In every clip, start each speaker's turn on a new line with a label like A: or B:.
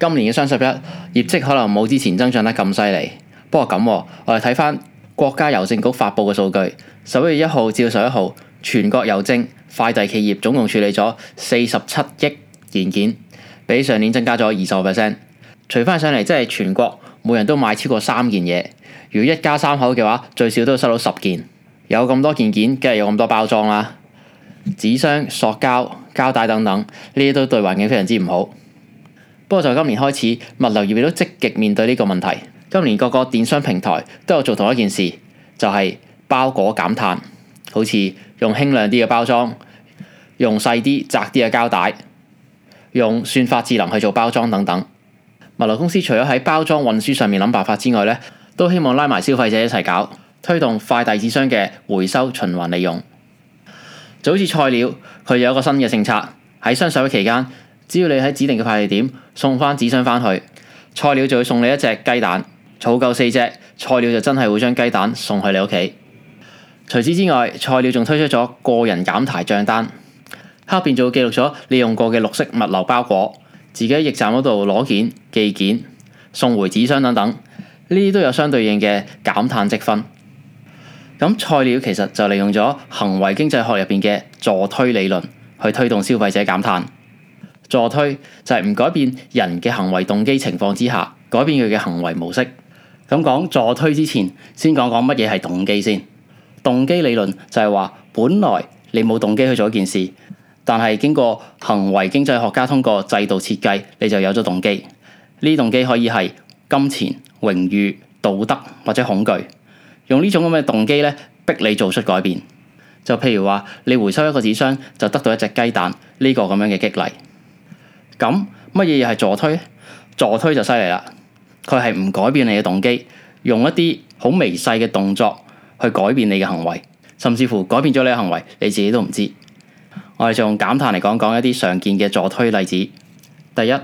A: 今年嘅雙十一業績可能冇之前增長得咁犀利，不過咁，我哋睇翻國家郵政局發布嘅數據，十一月一號至到十一號，全國郵政快遞企業總共處理咗四十七億件件，比上年增加咗二十個 percent。除翻上嚟，即係全國每人都買超過三件嘢，如果一家三口嘅話，最少都收到十件。有咁多件件，梗係有咁多包裝啦，紙箱、塑膠、膠帶等等，呢啲都對環境非常之唔好。不過，在今年開始，物流業亦都積極面對呢個問題。今年各個電商平台都有做同一件事，就係、是、包裹減碳，好似用輕量啲嘅包裝，用細啲窄啲嘅膠帶，用算法智能去做包裝等等。物流公司除咗喺包裝運輸上面諗辦法之外，咧都希望拉埋消費者一齊搞，推動快遞紙箱嘅回收循環利用。就好似菜鳥，佢有一個新嘅政策喺雙十一期間。只要你喺指定嘅快遞點送返紙箱返去，菜鳥就會送你一隻雞蛋。儲夠四隻，菜鳥就真係會將雞蛋送去你屋企。除此之外，菜鳥仲推出咗個人減排賬單，喺入邊仲記錄咗利用過嘅綠色物流包裹，自己喺驛站嗰度攞件寄件，送回紙箱等等，呢啲都有相對應嘅減碳積分。咁菜鳥其實就利用咗行為經濟學入邊嘅助推理論去推動消費者減碳。助推就係唔改變人嘅行為動機情況之下，改變佢嘅行為模式。咁講助推之前，先講講乜嘢係動機先。動機理論就係話，本來你冇動機去做一件事，但係經過行為經濟學家通過制度設計，你就有咗動機。呢啲動機可以係金錢、榮譽、道德或者恐懼，用呢種咁嘅動機咧逼你做出改變。就譬如話，你回收一個紙箱就得到一隻雞蛋呢個咁樣嘅激勵。咁乜嘢係助推？助推就犀利啦，佢係唔改變你嘅動機，用一啲好微細嘅動作去改變你嘅行為，甚至乎改變咗你嘅行為，你自己都唔知。我哋就用減碳嚟講講一啲常見嘅助推例子。第一，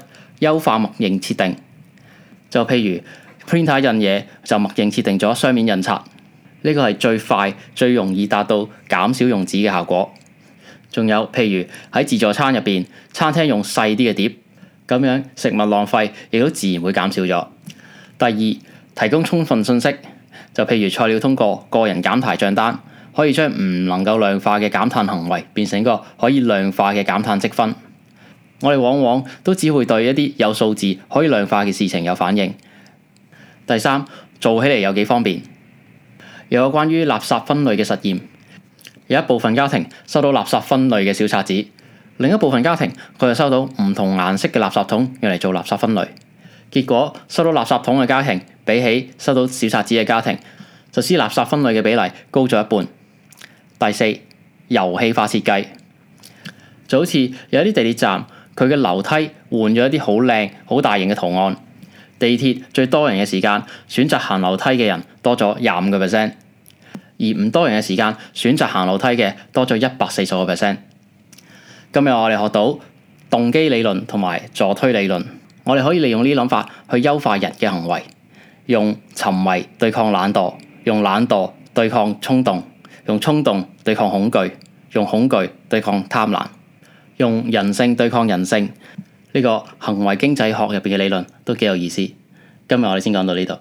A: 優化默認設定，就譬如 printer 印嘢就默認設定咗雙面印刷，呢個係最快最容易達到減少用紙嘅效果。仲有，譬如喺自助餐入邊餐廳用細啲嘅碟，咁樣食物浪費亦都自然會減少咗。第二，提供充分信息，就譬如菜鳥通過個人減排賬單，可以將唔能夠量化嘅減碳行為變成一個可以量化嘅減碳積分。我哋往往都只會對一啲有數字可以量化嘅事情有反應。第三，做起嚟有幾方便？有關於垃圾分類嘅實驗。有一部分家庭收到垃圾分類嘅小冊子，另一部分家庭佢就收到唔同顏色嘅垃圾桶用嚟做垃圾分類。結果收到垃圾桶嘅家庭比起收到小冊子嘅家庭，實施垃圾分類嘅比例高咗一半。第四，遊戲化設計就好似有一啲地鐵站，佢嘅樓梯換咗一啲好靚、好大型嘅圖案。地鐵最多人嘅時間，選擇行樓梯嘅人多咗廿五個 percent。而唔多人嘅時間，選擇行樓梯嘅多咗一百四十個 percent。今日我哋學到動機理論同埋助推理論，我哋可以利用呢啲諗法去優化人嘅行為，用沉迷對抗懶惰，用懶惰對抗衝動，用衝動對抗恐懼，用恐懼對抗貪婪，用人性對抗人性。呢個行為經濟學入邊嘅理論都幾有意思。今日我哋先講到呢度。